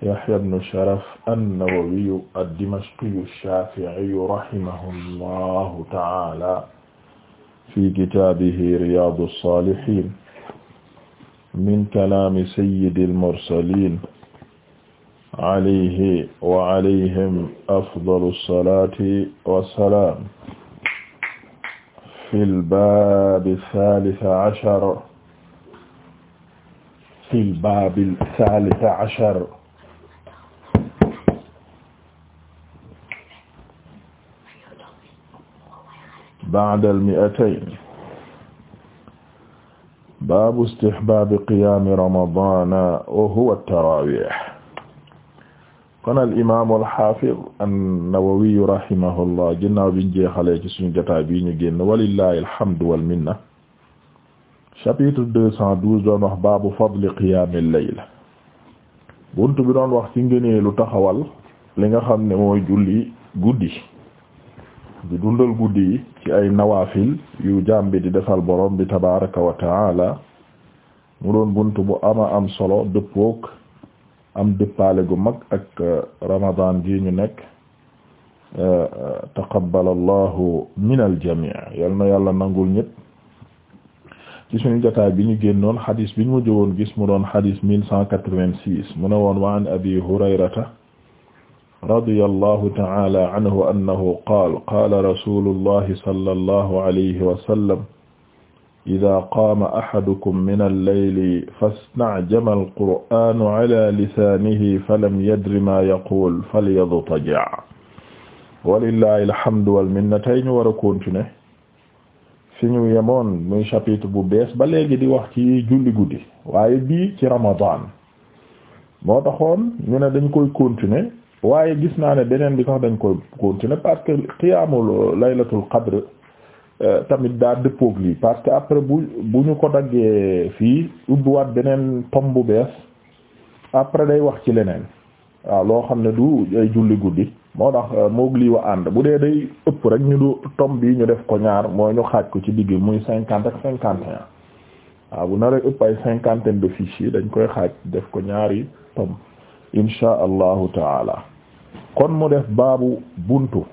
Yahya ibn Sharaf an-Nawawiyu ad-Dimashqiyu ash-Shafi'iyu rahimahullahu ta'ala fi kitaabihi Riyaadu s-Saalihiin min kalaami sayyidil mursaliin alayhi wa alayhim afdalu s-salaati wa s-salaam fil baabi s-saalisa ashar fil baabi s-saalisa ashar ba'da al-mi'atayn baabu istihbaabi qiyaami ramadaana huwa at kon al-imaam al-haafiz an-Nawawi rahimahullah biñ jeexalee ci suñu jotaay bi ñu génn walillaahi alhamdu wal minna chapitre deux cent douze doon wax baabu fadli qiyaami al buntu bi doon wax ci taxawal li nga xam ne mooy julli guddi di dundal guddi ay nawafil yu jàmbi di defal borom bi tabaraka wa taala mu doon bunt bu ama am solo dëppook am dëppaale gu mag ak uh, ramadan ji ñu nekk uh, uh, taqabbal allahu min al jami yal na yàlla nangul ñépp ci suñu jotaay bi ñu génnoon xadis bi ñu mujj woon gis mu doon xadis mille cent quatre-vingt-six mu ne woon wa an abi hurayrata radiyallahu ta'ala anhu annahu qaala qaala rasuulullahi sallallahu alayhi wa sallam idaa qaama ahadukum minal layli fasta'jama al-qur'aanu ala lisaanihi falam yadri maa yaquulu falyadtaji' walillahi alhamdu wal minna tey ñu war a continuer fi ñu yemoon muy chapitre bu bees ba léegi di wax ci julli guddi waaye bii ci Ramadan moo taxoon ñu ne dañ koy continuer waaye gis naa ne beneen bi sax dañ koy continuer parce que qiyaamul laylatul qadr euh, tamit daa dëppoog lii parce que après bu bu ñu ko daggee fii ubbiwaat beneen tom bu bees après day wax ci leneen waaw loo xam ne du ay julli guddi moo tax euh, moog lii wa ànd bu dee day ëpp rek ñu du tom bii ñu def ko ñaar mooy ñu xaaj ko ci digg muy cinquante ak cinquante et un waaw bu naree ëpp ay cinquantaine de fiches dañ koy xaaj def ko ñaari tom insha allahu taala kon mu def baabu buntu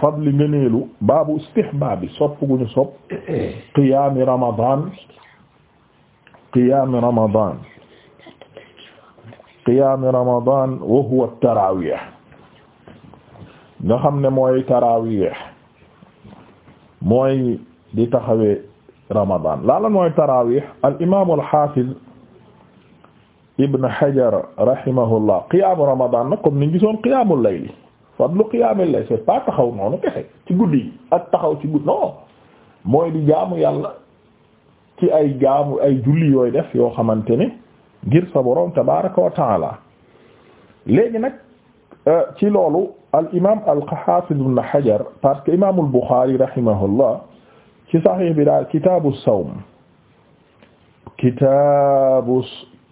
fadli ngëneelu baabu istihbaabi sopp gu ñu sopp qiyaami ramadan qiyaami ramadan qiyaami ramadan wa huwa tarawih nga xam ne mooy tarawih mooy di taxawee ramadan laalan mooy tarawih al imaam al haafid Ibn Hajar rahimahullah qiyaamu Ramadan nag comme niñ gisoon qiyaamul layli fadlu qiyaamul layli c'est pas taxaw noonu kese ci guddi ak taxaw ci guddi non mooy di jaamu yàlla ci ay jaamu ay julli yooyu def yoo xamante ne ngir sa borom tabaaraka wa taala léegi nag euh, ci loolu al imaam al xaafiz Ibn Hajar parce que imaamul Buxaari rahimahullah ci saxiix bi daal kitaabu sawm kitaabu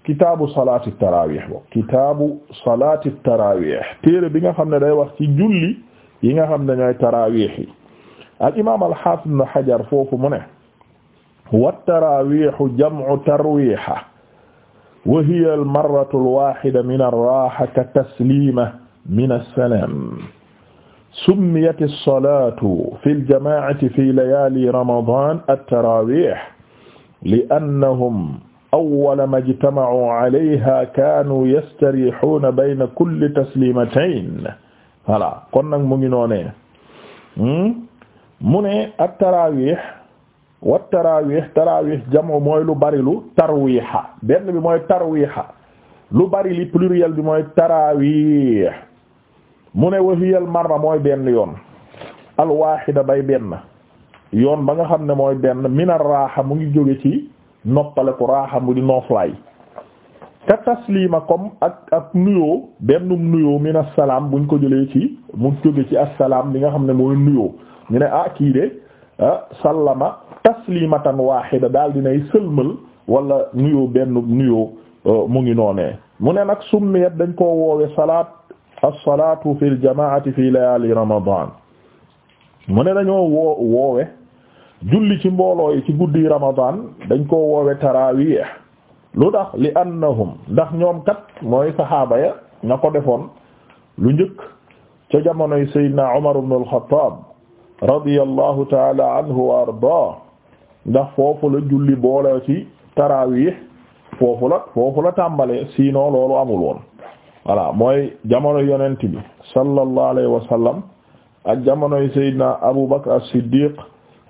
kitaabu salaati tarawih bo kitaabu salaati tarawih téere bi nga xam ne day wax ci julli yi nga xam ne ñooy tarawih yi al imaam al haafid ibn hajar foofu mu ne wa tarawihu jam'u tarwiha wa hiya al marratu al wahida min ar raha ka taslima min as-salam summiyat as-salatu fi al jama'ati fi layali ramadan at tarawih li annahum awwala ma ijtama'u alayha kaanu yastarihuuna bayna kulli taslimatayn voilà kon nag mu ngi noonee hmm? mu ne at taraawih wa taraawih taraawih jamu mooy lu bari lu tarwiixa benn bi mooy tarwiixa lu bari li pluriel bi mooy taraawih mu ne wa hiya al marra mooy benn yoon al waahida bay benn yoon ba nga xam ne mooy benn min ar raaxa mu ngi jóge ci. noppale ko raaxam mu di nooflaay ka taslima comme ak ak nuyoo bennum nuyoo min assalaam buñ ko jëlee ci mu jóge ci salaam li nga xam ne mooy nuyoo ñu ne ah kii ah, sallama taslimatan wahida daal dinay sëlmal wala nuyoo bennum nuyoo euh, mu ngi noonee mu ne nag summiyat dañ koo woowe salaat as-salaatu fil fi layaali ramadaan mu ne dañoo woo woowe julli ci mbooloo ci guddi ramadan dañ ko woowe tarawih lu tax li annahum ndax ñoom kat mooy saxaaba ya ña ko defoon lu njëkk ca jamonoy sayyidina Umar ibn al-Khattab radiyallahu taala anhu wa ardaa ndax foofu la julli boole ci tarawih foofu la foofu la tàmbalee sinon loolu amul woon voilà mooy jamono yonent bi sallallahu alayhi wa sallam ak jamonoy Abu Bakr as-Siddiq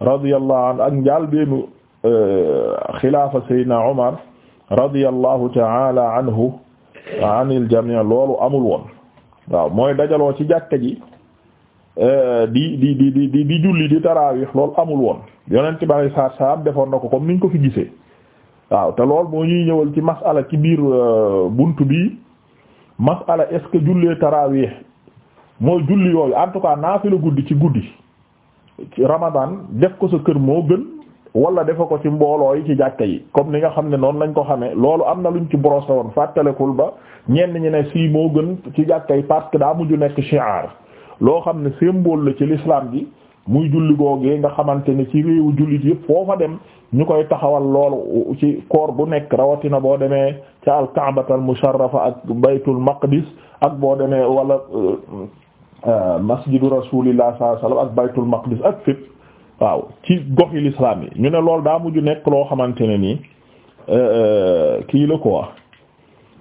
radiyallahu anhu ak njaal beenu euh, xilaafa Seydina Omar radiyallahu ta'ala anhu anil jami' loolu amul woon waaw mooy dajaloo ci jàkka ji euh, di di di di di julli di taraawix lool amul woon yonent bi alayhi salaatu defoon na ko kom niñ ko fi gisee waaw te lool moo ñuy ñëwal ci masala ci biir euh, buntu bi masala est-ce que jullee taraawix mooy julli yooyu en tout cas naafi guddi ci guddi ci Ramadan def ko sa kër moo gën wala defe ko ci mbooloo yi ci jàkka yi comme ni nga xam ne noonu lañ ko xamee loolu am na lu ñu ci brossé woon fàttalekul ba ñenn ñi ne sii moo gën ci jàkka yi parce que daa mujj nekk shi'ar loo xam ne mbool la ci l'islam bi muy julli googee nga xamante ne ci réewu jullit yëpp foo fa dem ñu koy taxawal loolu ci koor bu nekk rawatina boo demee ca al-Ka'batal musharrafa ak baytul maqdis ak boo demee walla euh, Euh, masjidu rasulillah sallallahu alayhi wasallam ak baytul maqdis ak fépp waaw ci gox yi l'islam yi ñu ne loolu daa mujj nekk loo xamante ne nii euh, euh, kii la quoi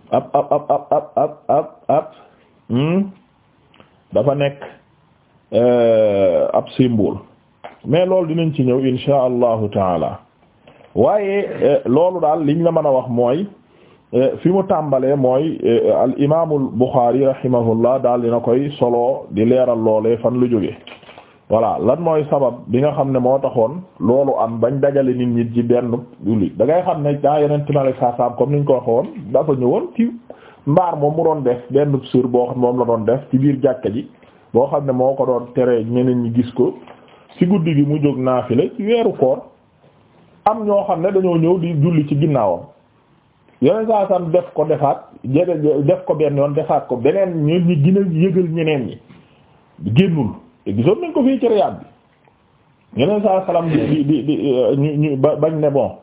ab ab ab ab ab ab ab hmm? dafa nekk ab symbole mais loolu dinañ ci ñëw insha allahu taala waaye loolu daal liñ la mën a wax mooy Eh, fi mu tàmbalee mooy eh, al imaamul Buxaari rahimahullah daal na koy solo di leeral loolee fan lu jóge voilà lan mooy sabab bi nga xam ne moo taxoon loolu am bañ dajale nit ñi ci benn julli da ngay xam ne daa yeneen timale saasaam comme ni ñu ko waxoon dafa ñëwoon ci mbaar moom mu doon def benn sur boo xam moom la doon def ci biir jàkka ji boo xam ne moo ko doon tere ñeneen ñi gis ko ci guddi gi mu jóg naafile ci weeru koor am ñoo xam ne dañoo ñëw di julli ci ginnaawam. yoneen saa sam def ko defaat jërëjëf def ko benn yoon defaat ko beneen ñun ñi gën a yëgal ñeneen ñi génnul te gisoon nañ ko fii ci Riyad bi yoneen saa salaam di di di ñu ñu bañ ne bon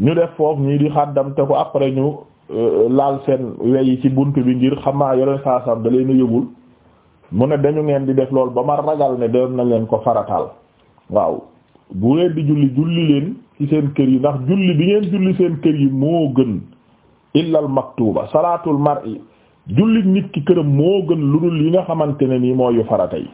ñu def foofu ñii di xaddam te ko après ñu euh, laal seen wey yi ci bunt bi ngir xamaa yoneen saa sam da leen yëgul mu ne dañu ngeen di def lool ba ma ragal ne doon na leen ko farataal waaw bu leen di julli julli leen ci seen kër yi ndax julli bi ngeen julli seen kër yi moo gën. illa al maktuba salaatul mar'i jullit nit ki këram moo gën lu dul yi nga xamante ne nii mooy yu farata yi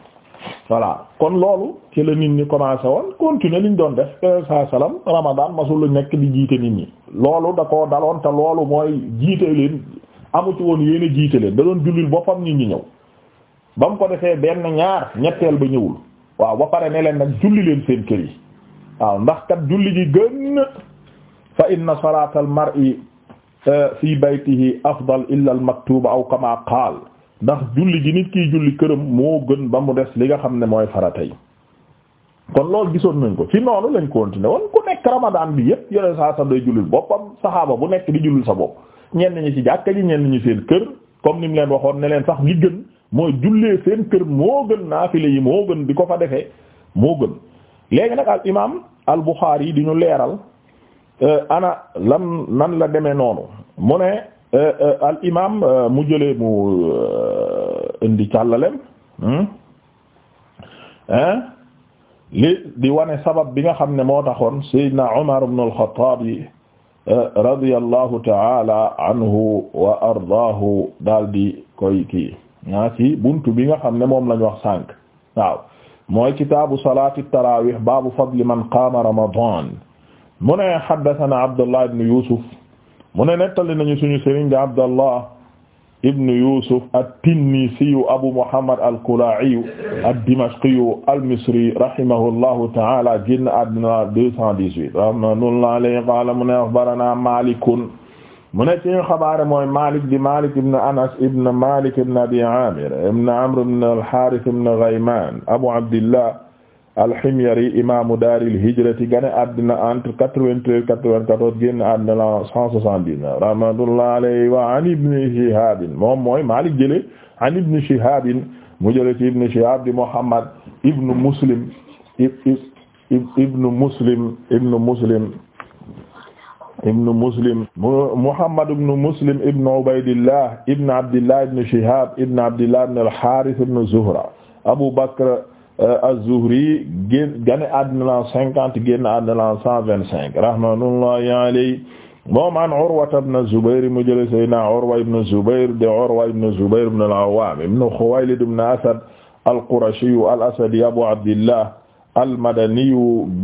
voilà kon loolu ci la nit ñi commencé woon continuer liñ doon def euh, saa salaam Ramadan masul nekk di jiite nit ñi. loolu da koo daloon te loolu mooy jiite leen amu ci woon yéen a jiite leen da doon jullil boppam nit ñi ñëw ba mu ko defee benn ñaar ñetteel ba ñëwul waaw ba pare ne leen nag julli leen seen kër yi waaw ndax kat julli gi gën fa inna Euh, fi baytihi afdal illa al maktuba aw kama qaal ndax julli gi nit kiy julli këram moo gën ba mu des li nga xam ne mooy farata yi kon loolu gisoon nañ ko fi noonu lañ continué woon ku nekk ramadan bi yëpp yore saa sa day jullil boppam saxaaba bu nekk di jullil sa bopp ñenn ñi ci jàkka ji ñenn ñi seen kër comme ni mu leen waxoon ne leen sax li gën mooy jullee seen kër moo gën naafile yi moo gën di ko fa defee moo gën léegi nag al imam al Bukhari yi di ñu leeral Euh, ana lam nan la demee noonu mu ne euh, euh, al imam mu jëlee mu indi càllalem hmm? li di wane sabab bi nga xam ne moo taxoon sayyidina Umar ibn al-Khattab radiyallahu ta'ala anhu wa ardaahu daal di koy kii naa ci buntu bi nga xam ne moom lañ wax sànq waaw mooy kitaabu salaati tarawih baabu fadli man qaama ramadan mu ne haddathana abdullah ibn yusuf mu ne nettali nañu suñu sëriñ ga abdallah ibn yusuf at-tinnisiyu abu muhammad al-kulaa'iyu ad-dimashqiyu al-misri rahimahullahu ta'ala génn àddina 218 rahmatullahi alayhi qaala mu ne akhbarana malikun mu ne ci ñu xabaare mooy Malik di Malik ibn Anas ibn Malik ibn Abi Amir ibn Amr ibn al-Harith ibn Ghayman Abu Abdillah al-Himyari imaamu daaril hijrati gane àddina entre quatre-vingt-treize quatre-vingt-quatorze génn àddina la cent soixante-dix-neuf rahmatullah alayhi wa an Ibn Shihab moom mooy Maalik jële an Ibn Shihab mu jële ci Ibn Shihab di Muhammad ibn Muslim ibn Muslim ibn Muslim ibn Muslim Muhammad ibn Muslim ibn Ubaydillah ibn Abdillah ibn Shihab ibn Abdillah ibn al-Harith ibn Zuhra Abu Bakr Euh, az-Zuhri génn gane àddina la cinquante génn àddina la cent vingt-cinq rahmatullahi alayhi moom an Urwa ibn Zubayr mu jële Seydina Urwa ibn Zubayr de Urwa ibn Zubayr ibn al-Awwam ibn Khuwaylid ibn Asad al-Qurashi al-Asadi Abu Abdillah al-Madani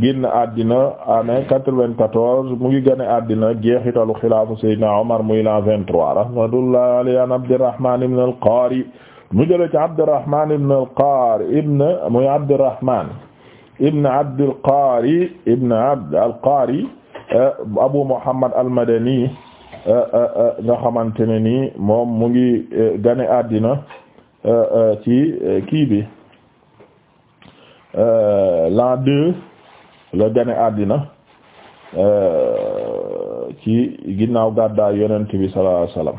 génn àddina année quatre-vingt-quatorze mu ngi gane àddina jeexitalu xilaafu Seydina Omar muy la vingt-trois rahmatullahi alayhi an Abdurrahman ibn al-Qari mu jëlee ci Abdurrahman ibn al-Qari ibn euh, Abu Muhammad al euh, euh, nga xamante ne nii moom mu ngi gane àddina ci kii bi l'an deux la gane àddina ci ginnaaw gàddaay yonent bi sallallahu alayhi wasallam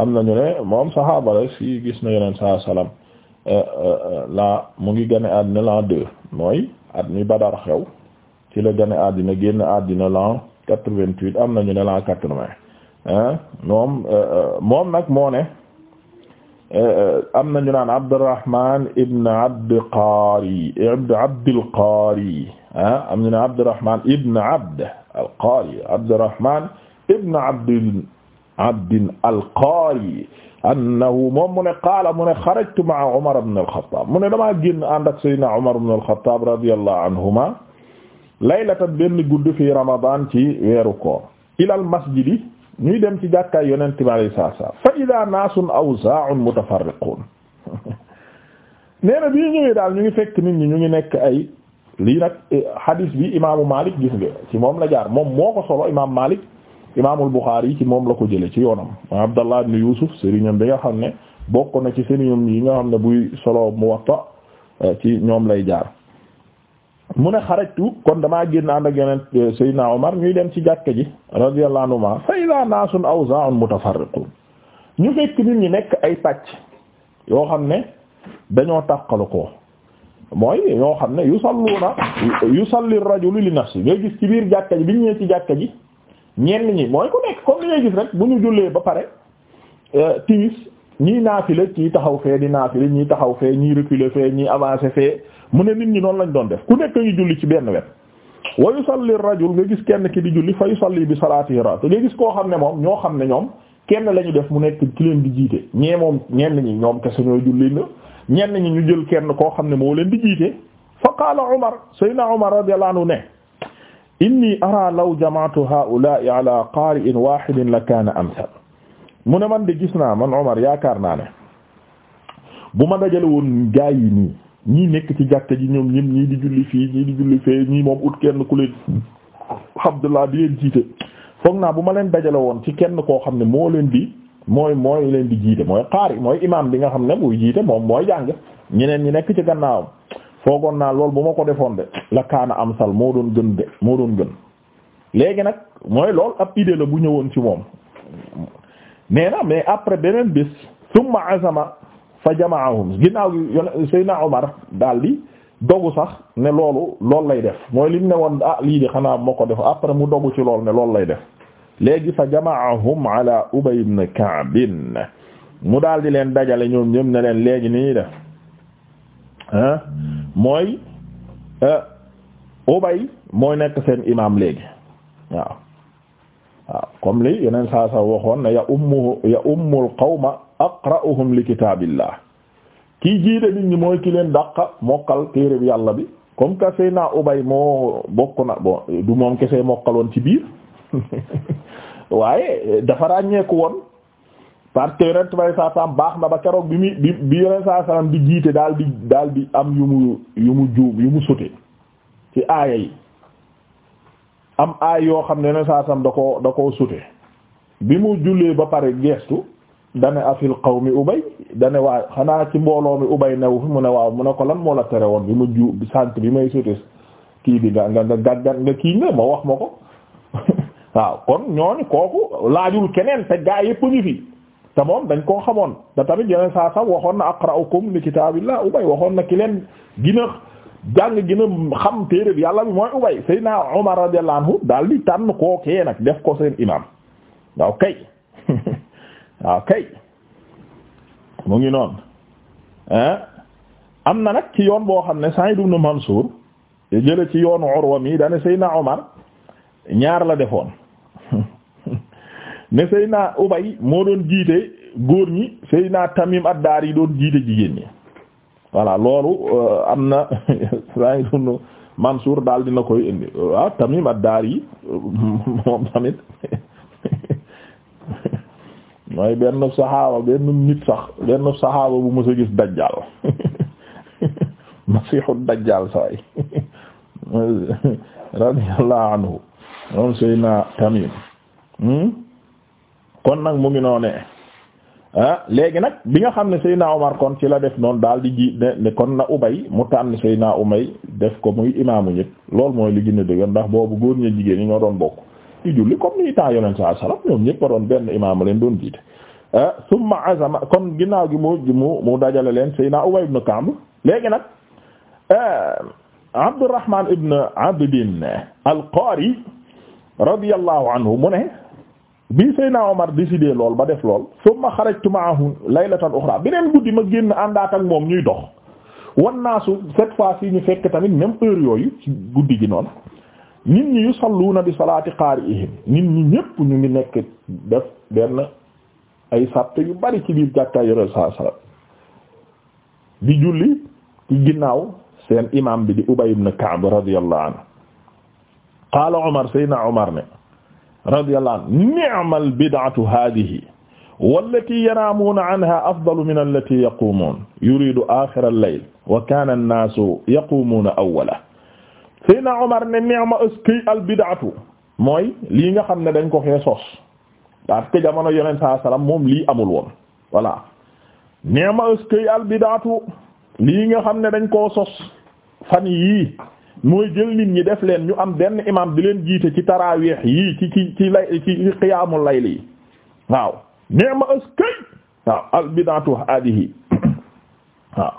am nañu ne moom saxaaba la si gis na yeneen saa salaam euh, euh, euh, la mu ngi gane àddina l'an deux mooy at mi Badar xew ci la gane àddina génn àddina l'an quatre-vingt-huit am nañu ne l'an quatre-vingt moom moom nag moo ne am nañu naan Abdurrahman ibn Abd Qari ibn Abd al-Qari ah am nañu ne Abdurrahman ibn Abd al-Qari Abdurrahman ibn Abd abdin alqaari annahu moom mu ne qaala mu ne xarajtu ma'a Umar ibn al-Khattab mu ne damaa génn ànd ak Seydina Umar ibn al-Khattab radiyallahu anhuma laylatan benn guddi fi Ramadan ci weeru koor ilal masjidi ñuy dem ci jàkkaay Yonent bi alayhi salaam fa idaa naasun awzaa'un ñu ñëwee daal nit ñi ñu nekk ay lii nag eh, hadis bi Malik moom la jaar moom moo ko solo imaam Malik. imaamul Buxaari ci moom la ko jëlee ci yoonam Abdallah ibn Yusuf sëriñam bi nga xam ne bokk na ci sëriñam yi nga xam ne buy solo Muwatta eh, ci ñoom lay jaar. mu ne xarajtu kon damaa génn ànd ak yeneen eh, Seydina Omar ñuy dem ci jàkka ji radiyallahu anhuma fa idaa naasun awzaa'un mutafarriqun ñu fekk nit ñi nekk ay pàcc yoo xam ne dañoo tàqalu ko mooy yoo xam ne yusalluuna yusalli ar-rajulu li nafsi ngay gis ci biir jàkka ji biñ ñëwee ci jàkka ji. ñenn ñi mooy ku nekk comme li ngay gis rek bu ñu jullee ba pare euh, timis ñii naafila ci taxaw fee di naafila ñii taxaw fee ñii reculer fee ñii avancer fee mu ne nit ñi noonu lañu doon def ku nekk ñu julli ci benn wet wa yusalli rajul nga gis kenn ki di julli fa yusalli bi salaatihi ra te gis koo xam ne moom ñoo xam ne ñoom kenn la ñu def mu nekk ki leen di jiite ñee moom ñenn ñi ñoom kese ñoo julli ñenn ñi ñu jël kenn koo xam ne moo leen di jiite fa qaala Umar sayyidina Umar radiyallahu ne inni ara law jamaatu haa'ulaa'i ala qaari'in waahidin la kaana amsal mu ne man de gis naa man Omar yaakaar naa ne bu ma dajale woon gaa yi nii ñii nekk ci jàkka ji ñoom ñim ñii di julli fii ñii di julli fee ñii moom ut kenn ku leen Abdullah di leen jiite foog naa bu ma leen dajale woon ci kenn koo xam ne moo leen di mooy mooy leen di jiite mooy qaari mooy imaam bi nga xam ne buy jiite moom mooy jàng ñeneen ñi nekk ci gannaawam foogoon naa lool bu ma ko defoon de la kaana am sal moo doon gën de moo doon gën léegi nag mooy lool ab idée la bu ñëwoon ci moom nee na mais après beneen bis summa azama fa jamaahum ginnaaw gi yon Seydina Omar daal di dogu sax ne loolu loolu lay def mooy lim ne woon ah lii de xanaa moo ko def après mu dogu ci lool ne loolu lay def léegi fa jamaahum ala Ubay ibn Ka'b mu daal di leen dajale ñoom ñoom ne leen léegi nii def ah mooy euh, ubay moo nekk seen imaam léegi waaw waaw comme li yeneen saa sa waxoon ne ya ummu ya ummul qawma aqra'uhum li kitaabillah kii jiite nit ñi mooy ki leen dàqa mokkal téere bi yàlla bi comme que Seyna ubay moo bokk na bon du moom kese mokkaloon ci biir waaye dafa ràññeeku woon parce que yonent bay saa saam baax na ba keroog bi muy bi bi yonent di jiite daal di daal di am yu mu yu mu juub yu mu sute ci aaya yi am aay yoo xam ne yonent saa saam da koo da koo sute bi mu jullee ba pare geestu dane afil qawmi ubay dane waa xanaa ci mbooloo mi ubay newu fi mu ne waaw mu ne ko lan moo la tere woon bi mu juub sant bi may sute kii bi nga nga nga gàggan nga kii nga ma wax ma ko waaw kon ñooñu kooku laajul keneen te gaa yëpp ñu fi te moom dañ koo xamoon te tamit yeneen saa sax waxoon na aqra'ukum li kitaabillah ubay waxoon na ki leen gina jàng gina xam téeréb yàlla bi mooy ubay Seydina Umar radiyallahu anhu daal di tànn kookee nag def ko seen imam waaw kay waaw kay mu ngi noonu am na nag ci yoon boo xam ne saa ngi Sa'id ibn Mansur jële ci yoonu Urwa mi dane Seydina Umar ñaar la defoon ne Seydina Ubay moo doon jiite góor ñi Seydina Tamim ad yi doon jiite jigéen ñi voilà loolu euh, am na saa ngi dund Mansour daal dina koy indi waaw ah, Tamim ad-Dari yi euh, moom tamit mooy benn saxaaba benn nit sax benn saxaaba bu mës a gis dajjal masiixu dajjal saway radiyallahu anhu moom Seydina Tamim hmm? kon nag mu ngi noone ah léegi nag bi nga xam ne Seydina Omar kon ci la def noonu daal di ji ne kon na Ubay mu tànn Seydina Umay def ko muy imaamu ñëpp loolu mooy li gën a dëgër ndax boobu góor ñi jigéen ñi ñoo doon bokk ci julli comme ni temps yonent saa salaam ñoom ñëpp doon benn imaam leen doon jiite. ah summa azama kon ginnaaw gi mu mu mu dajale leen Seydina Ubay ibn Ka'b léegi nag ah, Abdurrahman ibn Abdin al-Qari radiyallahu anhu mu ne. bi Seydina Omar décidé lool ba def lool summa xarajtu ma'ahu laylatan uxra beneen guddi ma génn àndaat ak moom ñuy dox wan naasu cette fois ci ñu fekk tamit même heure yooyu ci guddi gi noonu nit ñi yusalluuna bi salaati qaari'ihim nit ñi ñépp ñu ngi nekk def benn ay sàpp yu bari ci biir jàkkaay yore saa sala julli ci ginnaaw seen imaam bi di Ubay ibn Ka'b radiyallahu anhu qaala Omar Seydina Omar ne radiyallahu anhu ni'mal bid'atu hadhihi wallati yanaamuuna anha afdalu min allati yaquumuun yuridu aaxira al-layl wa kaana an-naasu yaquumuuna awwala Seydina Omar ne ni'ma askay al-bid'atu mooy lii nga xam ne dañ ko fee sos parce que jamono yonent saa salaam moom lii amul woon voilà ni'ma askay al-bid'atu lii nga xam ne dañ koo sos fan yii mooy jël nit ñi def leen ñu am benn imam di leen jiite ci taraawiix yii ci ci lay ci qiyaamul layl yi waaw neema askay waaw al bid'atu hadihi waaw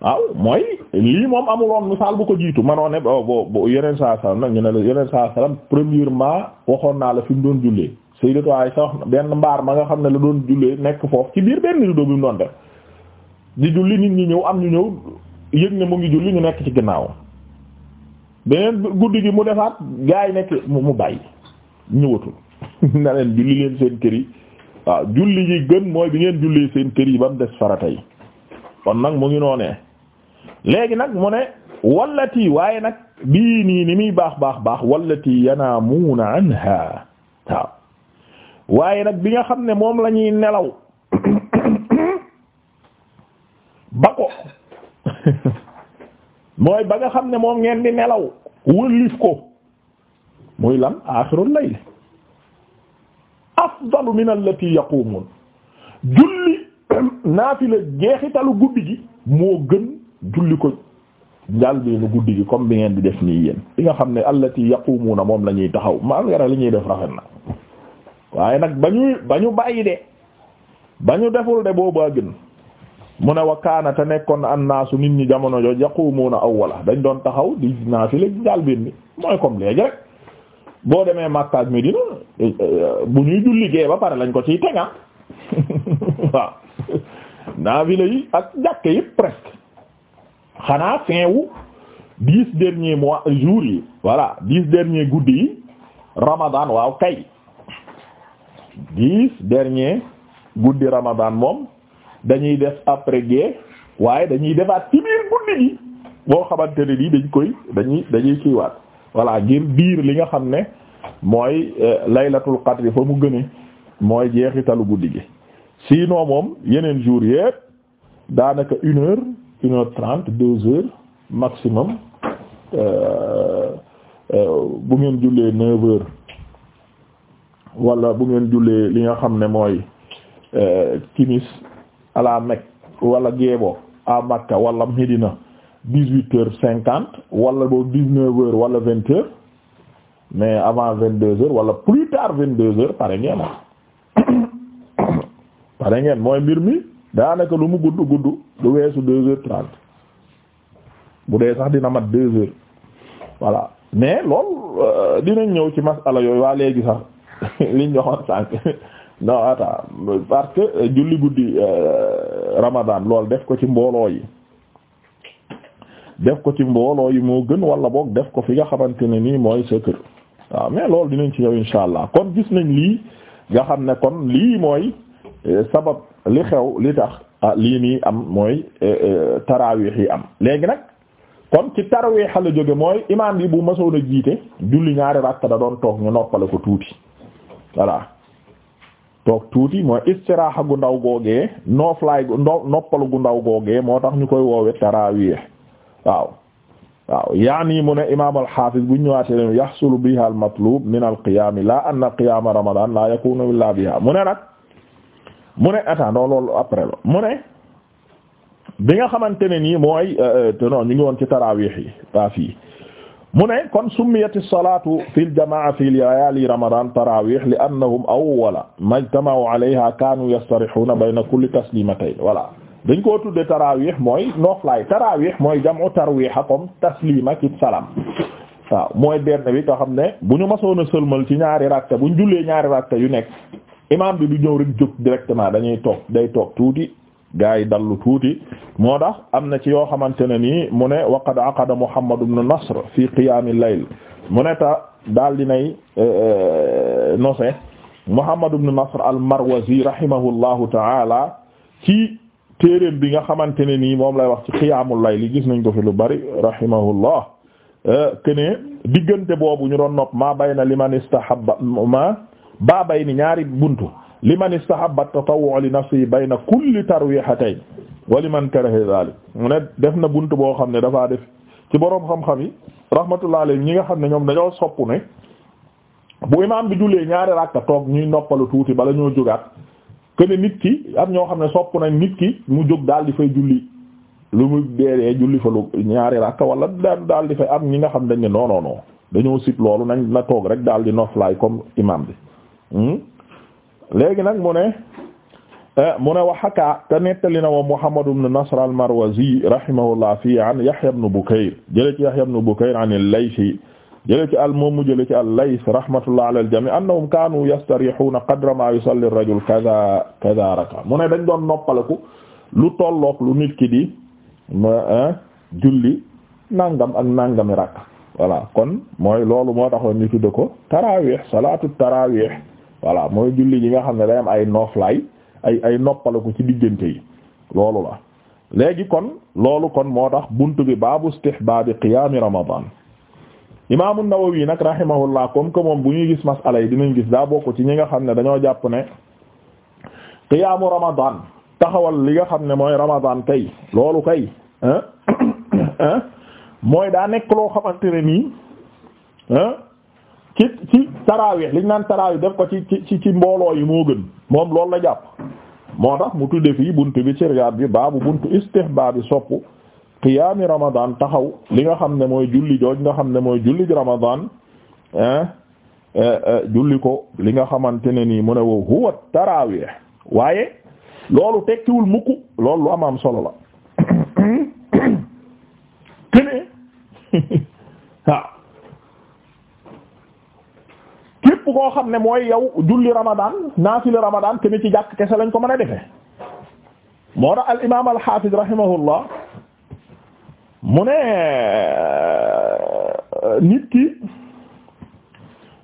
waaw mooy lii moom amuloon misaal bu ko jiitu manoo ne bo bo yeneen saa salaam nag ñu ne la yeneen saa salaam premièrement waxoon naa la fi mu doon jullee Sayyidatu Aisha wax benn mbaar ma nga xam ne la doon jullee nekk foofu ci biir benn rido bi mu doon def di julli nit ñi ñëw am ñu ñëw yëg ne mu ngi julli nekk ci ginnaaw beneen guddi gi mu defaat gaa yi nekk mu bàyyi ñëwatul na leen julli leen seen kër yi waaw julli yi gën mooy bi ngeen jullee seen kër yi ba mu des farata yi kon nag mu ngi noonee léegi nag mu ne wallati waaye nag bii nii ni muy baax baax baax wallati yanaamuuna anha waaw waaye nag bi nga xam ne moom lañuy nelaw ba ko mooy ba nga xam ne moom ngeen di nelaw wëlif ko muy lan aaxirul layl afdalu min allati yaqumun julli naafila jeexitalu guddi gi moo gën julli ko njàl bi nu guddi gi comme bi ngeen di def nii yéen li nga xam ne allati yaqumuna moom la ñuy taxaw malgré li ñuy def rafet na waaye nag ba ñuy ba ñu bàyyi de ba ñu deful de boobaa gën mu ne wa kaana te nekkoon na annaasu nit ñi jamono jooju aw awwala dañ doon taxaw di naafila njàlbéen bi mooy comme léegi rek boo demee Makka ak Medina eh, eh, bu ñuy julli gee ba pare lañ ko ciy tega ah. waaw yi ak jàkke yi presque xanaa fin wu dix derniers mois jours yi voilà dix derniers guddi yi Ramadan waaw kay dix derniers guddi Ramadan moom. dañuy def après guée waaye dañuy defaat ci guddi gi boo xamante ne nii dañ koy dañuy dañuy kiiwaat voilà ngir biir li nga xam ne mooy euh, laylatul qadr fa mu gëne mooy jeexitalu guddi gi sinon moom yeneen jours yépp daanaka une heure une heure trente deux heures maximum euh, euh, bu ngeen jullee neuf heures wala bu ngeen jullee li nga xam ne mooy timis alaa Mecque wala Guébo à Makka wala Médina dix-huit heures cinquante wala boobu dix-neuf heures wala vingt heures mais avant vingt-deux heures wala plus tard vingt-deux heures pare ngeen pare ngeen mooy mbir mi daanaka lu mu gudd gudd du weesu deux heures trente bu dee sax dina mat deux heures voilà mais loolu euh, dinañ ñëw ci masala yooyu waa léegi sax liñ waxoon sànq non attends parce que euh, julli guddi euh, Ramadan lool def ko ci mbooloo yi def ko ci mbooloo yi moo gën wala boog def ko fi nga xamante ne nii mooy sa kër waaw mais loolu dinañ ci yow insha allah kon gis nañ lii nga xam ne kon lii mooy euh, sabab li xew li tax ah lii nii am mooy taraawix yi am léegi nag kon ci taraawix la jóge mooy imaam yi bu mësoon a jiite julli ñaari rakka da doon toog ñu noppale ko tuuti voilà. toog tuuti mooy istiraaxa ndaw googee nooflaay gu gu ndaw googe moo tax ñu koy woowe tarawih waaw waaw yaani mu ne imaam al-Hafiz bu ñëwaatee leen yaxsulu biha al min al la anna qiyam ramadan la yakunu illa biha mu ne nag mu ne attends non loolu après mu ne bi nga xamante ne nii mooy euh, euh, te non ñu ngi woon ci tarawih yi taa fii mu ne kon summiyat as-salaatu fi al-jamaa'a fi layaali ramadan tarawih li annahum awwala ma ijtama'u alayha kaanu yastarihuuna bayna kulli taslimatayn voilà dañ koo tudde tarawih mooy nooflaay tarawih mooy jam'u tarwiha comme taslima ki salaam waaw mooy benn bi nga xam ne bu ñu masoon a sëlmal ci ñaari rakka bu ñu jullee ñaari rakka yu nekk imam bi du ñëw rek jóg directement dañuy toog day toog tuuti gaa yi dallu tuuti moo tax am na ci yoo xamante ne nii mu ne waqad aqada Muhammad ibn Nasr fi qiyaamil layl mu ne ta daal di nay eh, eh, nose Muhammad ibn Nasr al-Marwazi rahimahullahu taala ci téereem bi nga xamante ne nii moom lay wax ci qiyaamul layl gis nañ ko fi lu bari rahimahullah eh, kene diggante boobu ñu doon nopp maa bayna liman istahabba ma baa bay ni ñaari buntu li man istahabba tatawwu li nafsihi bayna kulli tarwihatayn wa liman karaha dhalik mu ne def na bunt boo xam ne dafaa def ci boroom xam-xam yi rahmatullahi alayhi ñi nga xam ne ñoom dañoo sopp ne bu imaam bi jullee ñaari rakka toog ñuy noppalu tuuti bala ñoo jógaat kene nit ki am ñoo xam ne sopp nañ nit ki mu jóg daal di fay julli lu mu deedee julli fa lu ñaari rakka wala daal di fa am ñi nga xam dañ ne non non non dañoo sib loolu nañ na toog rek daal di noflaay comme léegi nag mu ne eh, mu ne waxakaa te nettali na wa Muhammad ibn Nasr al-Marwazi rahimahullah fii an Yahya ibn Bukayr jële ci Yahya ibn Bukayr an al-Laythi jële ci al moomu jële ci al-Layth rahmatullah ala al-jami' annahum kaanu yastarihuna qadra ma yusalli ar-rajul kaza kaza raka mu ne dañ doon noppaleku lu tollook lu nit ki di ma eh, julli nangam ak nangami rakk voilà kon mooy loolu moo taxoon ñu tudde ko tarawih salaatu tarawih voilà mooy julli yi nga xam ne day am ay nooflaay ay ay noppaliku ci diggante yi loolu la léegi kon loolu kon moo tax bunt bi baabu istihbaabi qiyaami ramadan imaamu Nawawi nag rahimahullah comme que moom bu ñuy gis masala yi dinañ gis daa bokk ci ñi nga xam ne dañoo jàpp ne qiyaamu ramadan taxawal li nga xam ne mooy ramadan kay loolu kay mooy daa nekk loo xamante ne nii ci ci tarawih liñ naan tarawih def ko ci ci ci mbooloo yi moo gën moom loolu la jàpp moo tax mu tudde fii bunt bi ci riyaad bi baabu buntu istihbaabi soppu qiyaami ramadan taxaw li nga xam ne mooy julli jooj nga xam ne mooy julli ramadan eh, eh, julli ko li nga xamante ne nii mu ne wow huwa tarawih waaye loolu tekkiwul mukk lool lu am solo la kene képp koo xam ne mooy yow julli Ramadan naafili Ramadan te ni ci jàkk kese lañ ko mën a defee moo tax al rahimahullah mu ne nit ki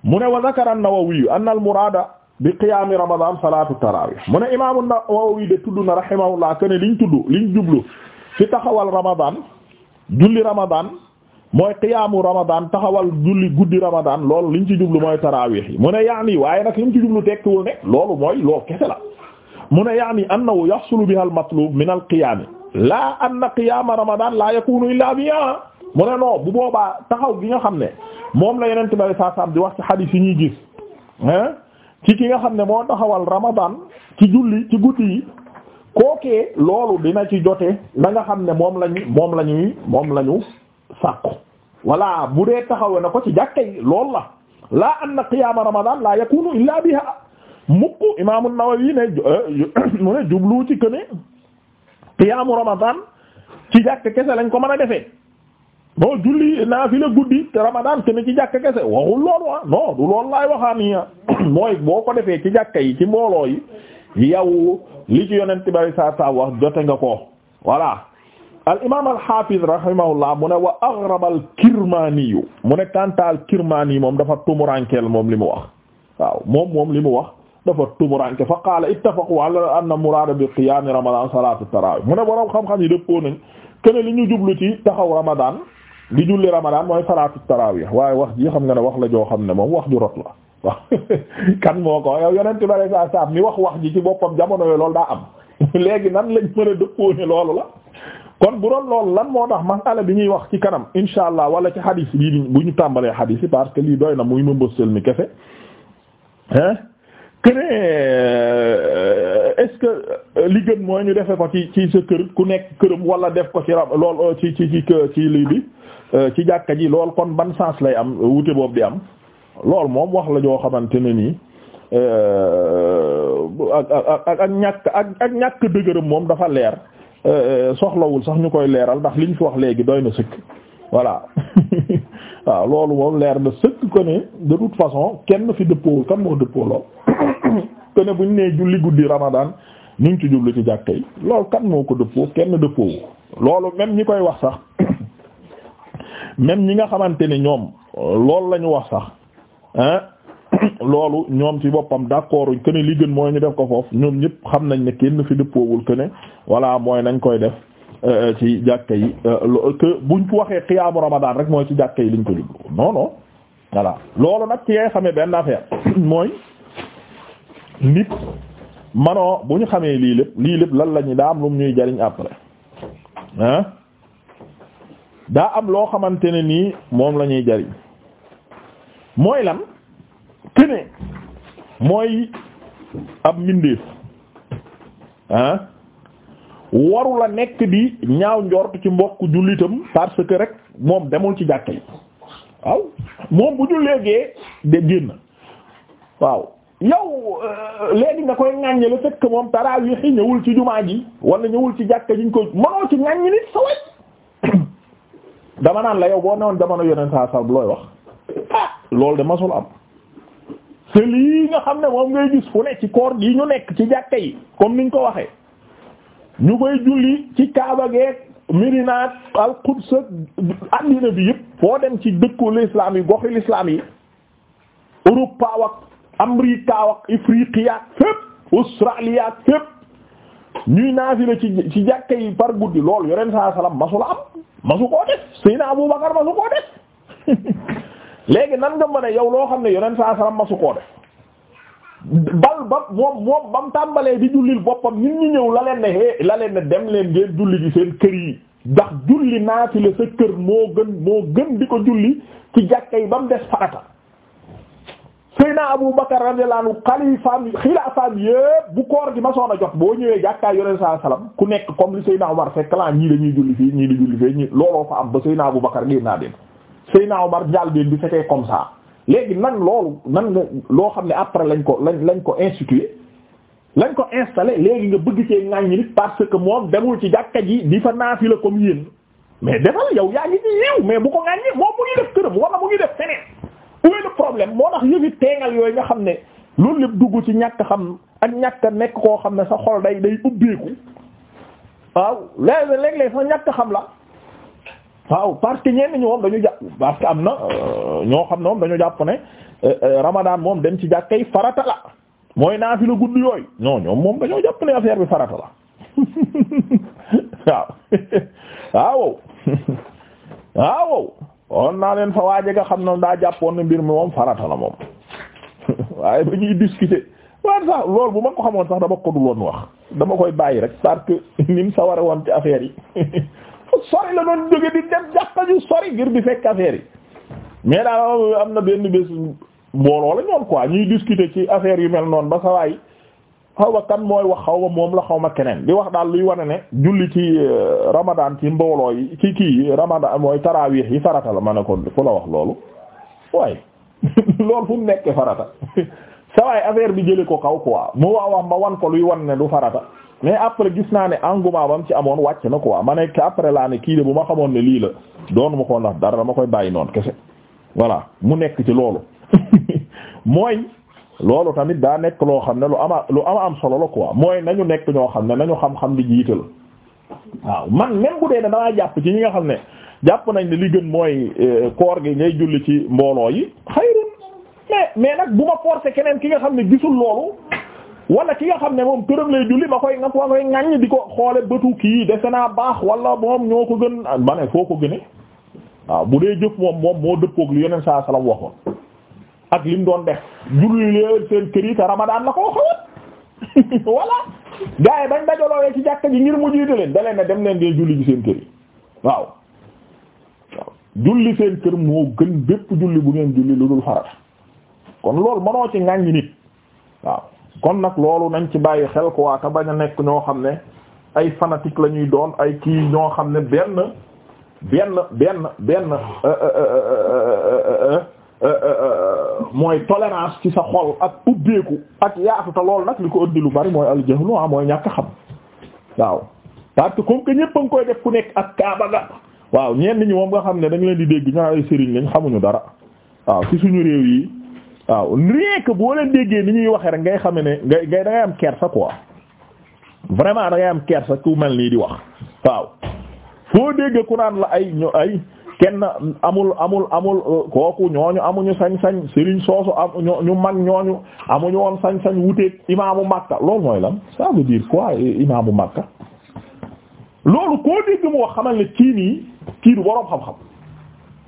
mu ne wa zakara an-Nawawi anna al-muraada bi qiyaami Ramadan salaatu tarawih mu ne imaamu Nawawi de tudd na rahimahullah que ne liñ tudd jublu fi taxawal Ramadan julli Ramadan. mooy qiyaamu ramadan taxawal julli guddi ramadan loolu liñ ci jublu mooy taraawix yi mu ne yaani waaye nag liñ ci jublu tekkiwul ne loolu mooy loolu kese la mu ne yaani annahu yaxsulu biha al matlub min al qiyaami laa anna qiyaama ramadan laa yakunu illaa biha mu ne non bu boobaa taxaw gi nga xam ne moom la yeneen tubaab saa saam di wax ci xadiis yi ñuy gis ah ci ki nga xam ne moo taxawal ramadan ci julli ci guddi yi kookee loolu dina ci jote la xam ne moom lañu moom lañuy moom lañu. sàkku walla bu dee taxawe na ko ci jàkka yi loolu la laa anna qiyaama ramadan la yakunu illa mukk imaamu Nawawi ne euh, mu ne jublu ci këne qiyaamu ramadan ci jàkk kese lañ ko mën a defee non julli naafila guddi te ramadan këne ci jàkk kese waxul loolu ah non du loolu laay ah. mooy boo ko defee ci jàkka yi ci mbooloo yi yow li ci yonent bari saa saa wax jote nga ko voilà al imaam al xaafiz rahimahullah mu ne wa aghrabal kirmaani yu mu ne kantaal kirmaani yi moom dafa tumuraankeel moom li mu wax waaw moom moom li mu wax dafa tumuraanke fa qaala ittafaqu ala anna muraada bi qiyaami ramadaan salaatu taraawih mu ne borom xam-xam yi dëppoo nañ kenn li ñu jublu ci taxaw ramadaan li julli ramadaan mooy salaatu taraawih waaye wax ji xam nga ne wax la joo xam ne moom wax ju rot la kan moo ko yow yonent bi sallallahu alayhi wa mi wax wax ji ci boppam jamono yooyu loolu daa am léegi nan lañ mën a dëppoo la. kon bu doon lool lan moo tax masala bi ñuy wax ci kanam insha allah wala ci hadith bii bu ñu tàmbalee hadith yi parce que lii doy na muy ma mbëstal ni kese hein kene euh, est-ce euh, li gën mooy ñu defee ko ci ci sa kër ku nekk këram wala def ko ci rab lool euh, ci ci ci ci lii bi ci jàkka ji lool kon ban sens lay am wute boobu di am lool moom wax la joo xamante ne nii ak ak ak ñàkk ak ñàkk dëgëram moom dafa leer soxlawul sax ñu koy leeral ndax liñ fi wax léegi doy na sëkk voilà waaw loolu moom leer na sëkk ko de toute façon kenn fi dëppoowul kan moo dëppoo buñ nee julli guddi ramadan ñu ngi ci jublu ci jàkka yi kan moo ko kenn dëppoowu loolu même ñi koy wax sax même ñi nga xamante ne ñoom loolu la wax sax hein loolu ñoom ci boppam d'accorduñ que ne li gën mooy ñu def ko foofu ñoom ñëpp xam nañ ne kenn fi dëppoowul que walla mooy nañ koy def euh, euh, ci jàkka yi euh, que buñ ko waxee xiyaamu Ramadan rek mooy ci jàkka yi liñ ko jublu non non voilà loolu nag ci ngay xamee benn affaire mooy nit manoo bu ñu xamee lii lépp lii lépp lan la ñu daa am lu ñuy jariñ après ah daa am loo xamante ne nii moom lañuy jariñ mooy lan kene mooy ab mbindeef ah waru la nekk di ñaaw njort ci mbokk jullitam parce que rek moom demul ci jàkka yi waaw moom bu ñu léegee de génn waaw yow euh, léegi nga koy ŋàññi le fait que moom tarawih yi ñëwul ci jumaa ji wala ñëwul ci jàkka ji ñu ko mënoo ci ŋàññi nit sa dama naan la yow boo newoon jamono yeneen saa sab looy wax ah loolu de masul am te yi nga xam ne moom ngay gis fu ne ci koor gi ñu nekk ci jàkka yi comme niñ ko waxee ñu koy julli ci Kaaba geek Médina al Quds àddina bi yëpp foo dem ci dëkkoo l'islam yi goxi l'islam yi Europe ak Amérique ak Afrique ak fépp Australie fépp ñuy naafila ci ci jàkka yi par guddi loolu yoreen saa salaam masu la am masu koo def Seydina Abubakar masu koo def léegi nan nga mën a yow loo xam ne yoreen saa salaam masu koo def bal ba moom moom ba mu tàmbalee di jullil boppam nit ñi ñëw la leen ne hee eh, la leen na dem leen ngeen julli ci seen kër yi ndax julli naafile sa kër moo gën moo gën di ko julli ci jàkka yi ba mu des farata Seyna Abu Bakar radiyallahu anhu xalifaam xilaafaam yépp bu koor gi ma soon a jot boo ñëwee jàkkaay yoneen saa salaam ku nekk comme li Seyna Omar fekk la ñii dañuy julli fii ñii di julli fii ñii looloo fa am ba Seyna Abu Bakar génn naa dem Seyna Omar jàll bi fekkee comme ça léegi nan loolu nan nga loo xam ne après lañ ko lañ lañ ko institué lañ ko installé léegi nga bëgg cee ŋàññi nit parce que moom demul ci jàkka ji di fa naafi la comme yéen mais defal yow yaa ngi ci yiw mais bu ko ŋàññi moom mu ngi def këram wala mu ngi def feneen où est problème moo tax yëfi teengal yooyu nga xam ne loolu lépp dugg ci ñàkk xam ak ñàkk nekk koo xam ne sa xol day day ubbeeku waaw léeg-léeg sa ñàkk xam la waaw parce que ñenn ñi moom dañu jàpp parce que am na euh, ñoo xam ne moom dañu jàpp ne euh, euh, Ramadan moom dem ci jàkkay farata la mooy naafilu gudd yooyu non ñoom moom dañoo jàpp ne affaire bi farata la waaw waaw waaw naa leen fa waaje nga xam na daa jàppoon ne mbir mi moom farata la moom waaye ba ñuy discuter waaw sax loolu bu ma ko xamoon sax dama ko dul woon wax dama koy bàyyi rek parce que ni mu saware woon ci affaire yi. fu sori la doon jóge di dem jàkka ju sori ngir di fekk affaire yi mais daal am na benn bés mbooloo la ñoon quoi ñuy discuter ci affaire yu mel noon ba sa waay xaw ma kan mooy wax xaw ma moom la xaw ma keneen di wax daal luy wane ne julli ci euh, ramadan ci mbooloo yi ci kii ramadan mooy taraawih yi farata la ma ne ko ku la wax loolu waaye loolu fu mu nekk farata sa waay affaire bi jële ko kaw quoi mu wax wax ma wan ko luy wan ne du farata mais après gis naa ne engouement bam ci amoon wàcc na quoi ma nekk après laa ne kii de bu ma xamoon ne lii la doonu ma ko ndax dara dama koy bàyyi noonu kese voilà mu nekk ci loolu mooy loolu tamit daa nekk loo xam ne lu ama lu ama am solo la quoi mooy nañu nekk ñoo xam ne nañu xam-xam di jiital waaw man même bu dee ne damaa jàpp ci ñi nga xam ne jàpp nañ ne li gën mooy euh, koor gi ngay julli ci mbooloo yi xayrun mais mais nag bu ma forcer keneen ki nga xam ne gisul loolu wala ki nga xam ne moom këram lay julli ma koy nga ko koy ŋaññ di ko xoole bëtu kii defe naa baax wala moom ñoo ko gën ma ne foo ko gëne waaw bu dee jëf moom moo dëppoog li yeneen saa salaam waxoon ak lim doon def julli leen seen kër yi te ramadaan la koo xawat voilà gars yi bañ dajaloo ci jàkka ji ngir mu jiite leen da leen ne dem leen dee julli ji seen kër yi waaw julli seen kër moo gën bépp julli bu ngeen julli lu dul farata kon loolu ci ŋaññ kon nag loolu nañ ci bàyyi xel ko waata bañ a nekk ñoo xam ne ay fanatique la ñuy doon ay kii ñoo xam ne benn benn benn benn euh, euh, euh, mooy tolérance ci sa xol ak ubbeeku ak yaatu te loolu nag li ko ëndi lu bari mooy aljahlu ah mooy ñàkk xam waaw parce que comme que ñëpp a koy def ku nekk ak kaaba ga waaw ni ñi moom nga xam ne dañ leen di dégg ñaari sëriñ lañ xamuñu dara waaw ci suñu réew yi waaw rien boo leen déggee ni ñuy waxee rek ngay xame ne ngay ngay da ngay am kersa quoi vraiment da ngay am kersa ku mel nii di wax waaw foo déggee ku naan la ay ñu ay kenn amul amul amul kooku ñooñu amuñu sañ-sañ Serigne soosu am ñu mag ñooñu amuñu woon sañ-sañ wuteeg imaamu Makka loolu mooy lan ça veut dire quoi imaamu Makka loolu koo dégg mu wax xamal ne kii nii kii boroom xam-xam.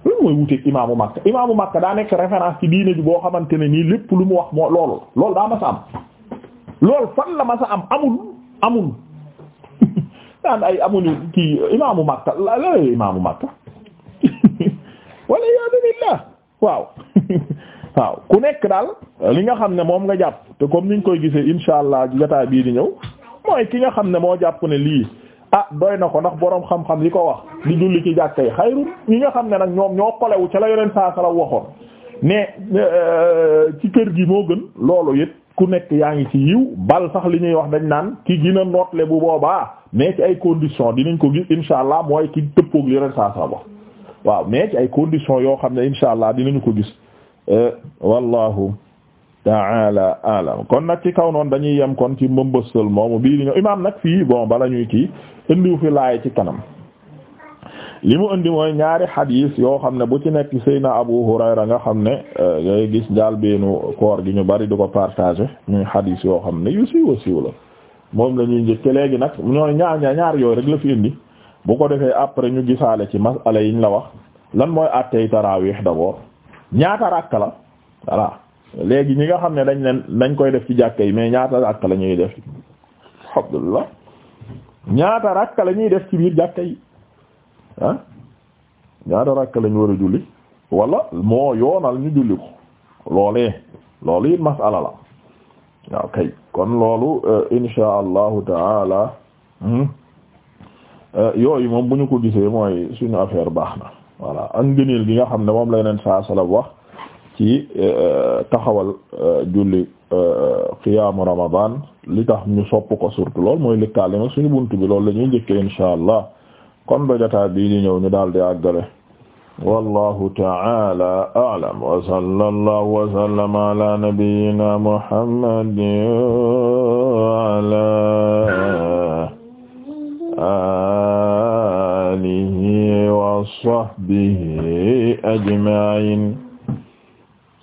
loolu mooy wuteeg imaamu Makka imaamu Makka daa nekk référence ci diine boo xamante nii lépp lu mu wax moo loolu loolu daa masa am loolu fan la masa am amul amul daan ay amuñu kii imaamu Makka la imaamu Makka wala yadumillah waaw waaw ku nekk daal li nga xam ne moom nga jàpp te comme niñ koy gisee insha allah jotaay bii di ñëw mooy ki nga xam ne moo jàpp ne lii ah doy na ko ndax boroom xam-xam yi ko wax li julli ci jàkka yi ñi nga xam ne nag ñoom ñoo kolewu ca la yoneen saa sala waxoon ne euh, ci kër gi moo gën loolu it ku nekk yaa ngi ci yiw bal sax li ñuy wax dañ naan ki gën a nootle bu boobaa mais ci ay conditions dinañ ko gis insha allah mooy ki tëppoog li yoneen saa sala wax waaw mais ci ay conditions yoo xam ne insha allah dinañu ko gis euh, wallahu la alam kon nag ci kaw noonu dañuy yem kon ci mbëmbëstal moom bii di ñëw imaam nag fii bon bala ñuy kii indiwu fi laay ci kanam li mu indi mooy ñaari xadiis yoo xam ne bu ci nekk Seydina Abu Hurayra nga xam ne euh, ngay gis njaal beenu koor gi ñu bari du ko partage ñuy xadiis yoo xam ne yu siiwa siiw la moom la ñuy njëkk léegi nag ñooy ñaar ñaar yooyu rek la fi indi bu ko defee après ñu gisaale ci masala yiñ la wax lan mooy àttey taraawix d'abord ñaata ràkk la voilà léegi ñi nga xam ne dañ leen dañ koy def ci jàkka yi mais ñaata rakk la ñuy def alhamdulillah ñaata rakk la def ci biir jàkka yi ah ñaata rakk la war a julli walla moo yoonal ñu julli ko loolee loolu it masala la waaw kay kon loolu euh, insha allahu taala hmm, euh, yooyu moom bu ñu ko gisee mooy suñu affaire baax na voilà ak ngëneel gi nga xam ne moom la yeneen saa sala wax ci euh, taxawal euh, julli qiyaamu euh, ramadan li tax ñu sopp ko surtout lool mooy lëkkaale mag suñu bunt bi loolu la ñuy njëkkee insha allah kon ba jotaay bii di ñëw ñu daal di àggale wallahu ta'ala alihi wa sahbihi ajma'in